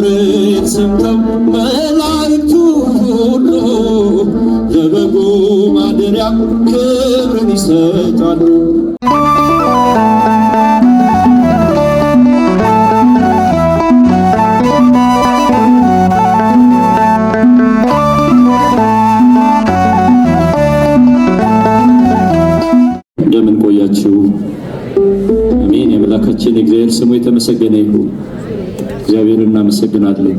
ክብርን ሰምተው መላእክቱ ሁሉ ለበጉ ማደሪያ ክብርን ይሰጣሉ። እንደምን ቆያችሁ? አሜን። የአምላካችን እግዚአብሔር ስሙ የተመሰገነ ይሁን። እግዚአብሔር እናመሰግናለን።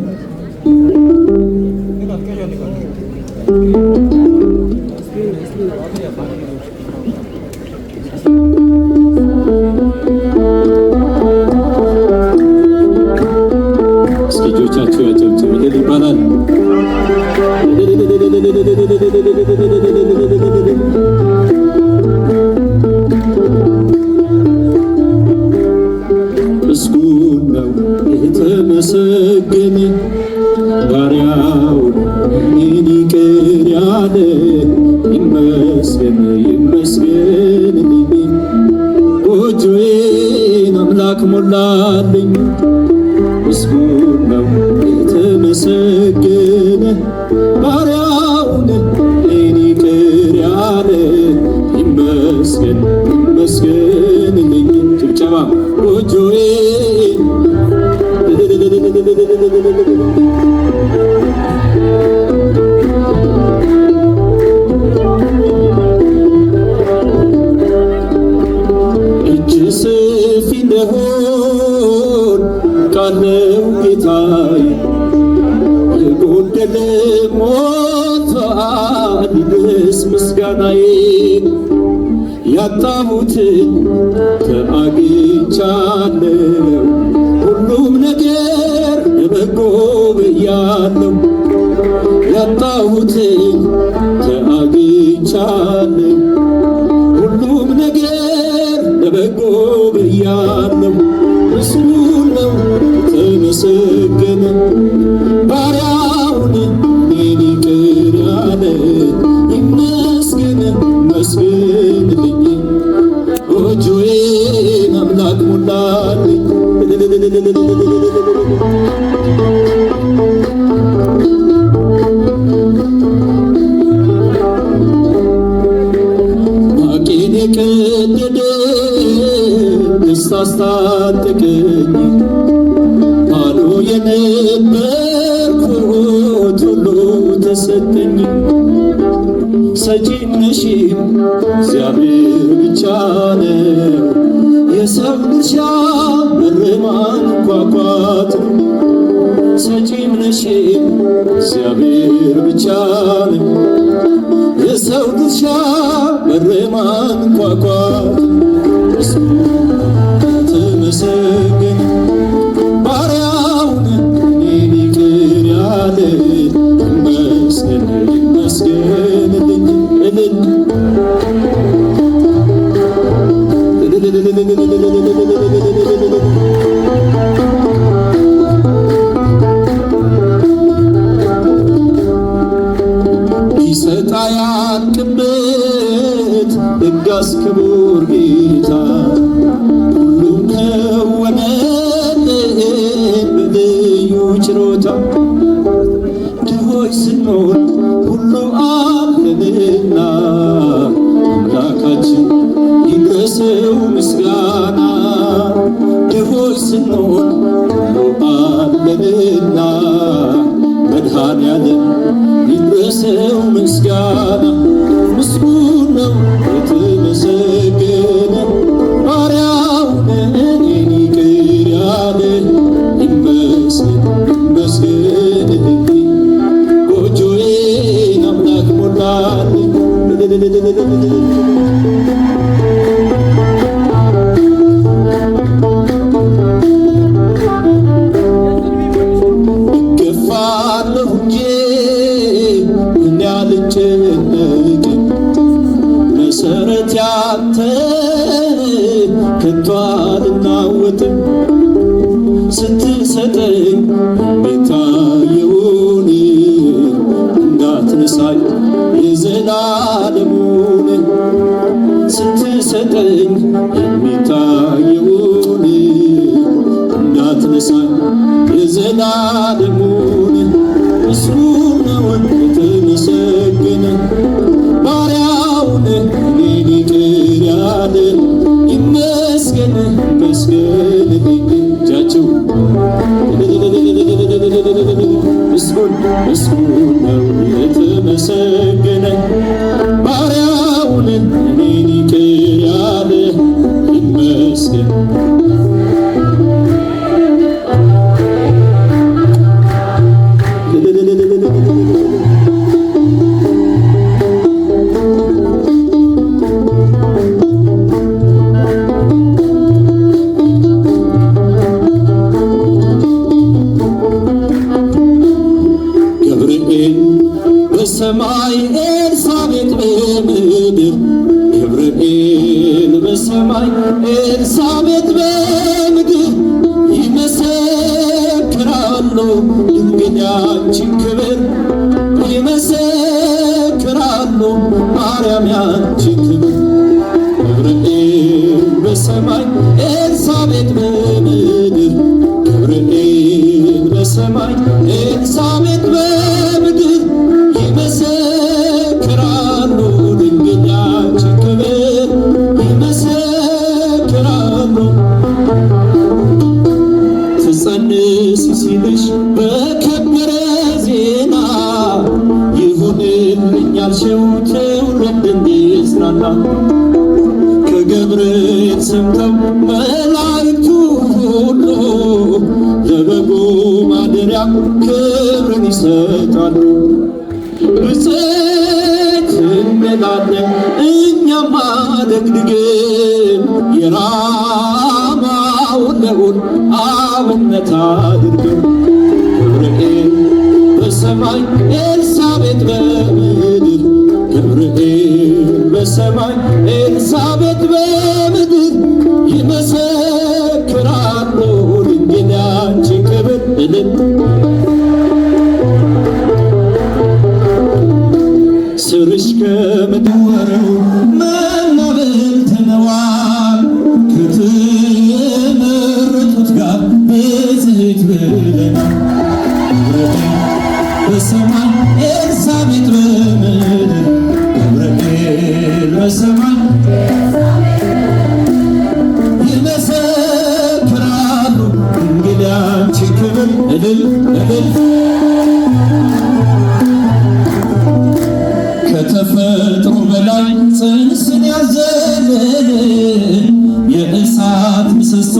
እስጆቻቸው ያጨብጭብ። ድል ይባላል። Thank you. አንተ አግኝቻለሁ ሁሉም ነገር ለበጎ ብያለሁ ያጣሁትን አግኝቻለሁ ሁሉም ነገር ለበጎ ብያለሁ ምስሉ ነው ተመስ አታንጥቀኝ አሉ የነበርኩት ሁሉ ተሰጠኝ። ሰጪነሽም እግዚአብሔር ብቻ ነው። የሰው ድርሻ በር ማንኳኳት ሰጪነሽም እግዚአብሔር ብቻ ነው። የሰው ድርሻ በር ማንኳኳት ቢሰጣ ያልቅበት ሕግ አስከብር እውነት ያንተን ከቶ አልናወጥም ስትሰጠኝ እንዳትነሳኝ የዘላለሙን ስትሰጠኝ የሚታየውን የዘላለሙን ምስጉን ምስጉን ነው የተመሰገነ በሰማይ ኤልሳቤጥ በምድር ገብርኤል በሰማይ ኤልሳቤጥ በምድር ይመሰክራሉ ድንግኛችን ክብር ይመሰክራሉ ማርያም ያንቺን ክብር ገብርኤል በሰማይ ኤልሳቤጥ በምድር ገብርኤል በሰማይ ኤልሳቤጥ ልጆቻቸው ትውልድ እንዲጽናና ከገብርኤል ሰምተው መላእክቱ ሁሉ ለበጉ ማደሪያ ክብርን ይሰጣሉ። ብፅዕት እንላለን እኛም አደግድገን የራማውን ለሁል አብነት አድርገን ገብርኤል በሰማይ ኤልሳቤጥ በምድር ገብርኤል በሰማይ ኤልሳቤጥ በምድር ይመሰክራሉ ድንግል ያንቺን ክብር ስርሽ ከምትወረው መናብልት ነዋ አይሰማም ይመሰክራሉ እንግዲህ ክብር እልል እልል ከተፈጥሮ በላይ ጽንስን ያዘለ የእሳት ምሰሶ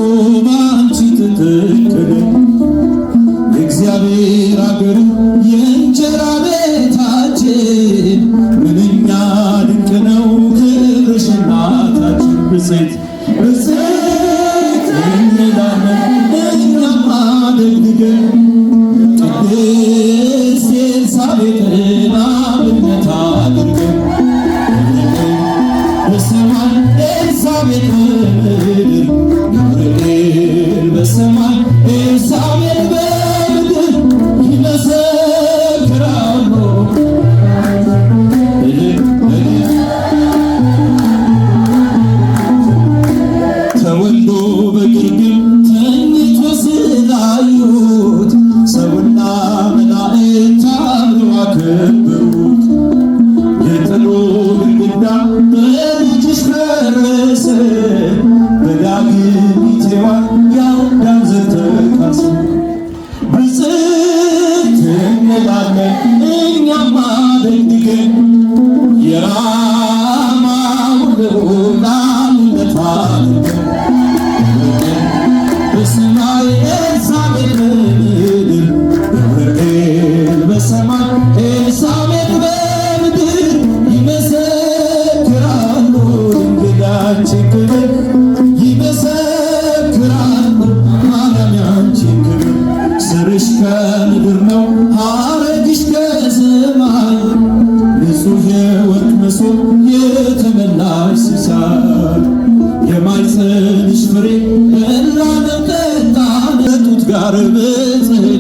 አርብ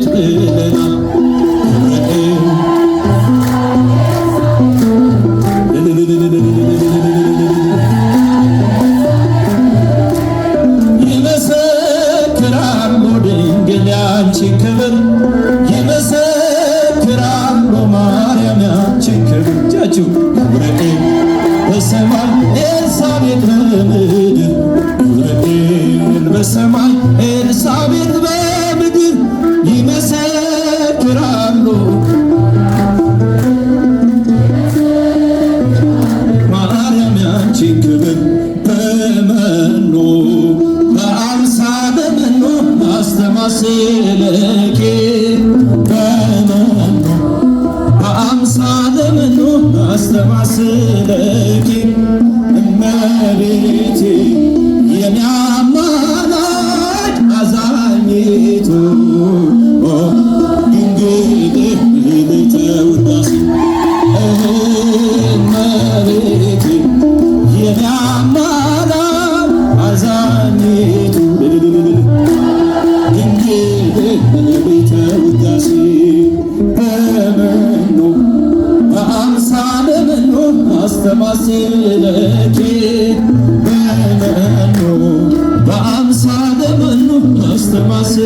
ጽድቅ ይመሰክራሉ ድንግል ያንቺን ይመሰክራሉ ማርያም ያንቺን ክብር እጃችሁ ስልኬ በመኑ በአምሳለ መኑ አስተማስለኪ እመቤት Asta va să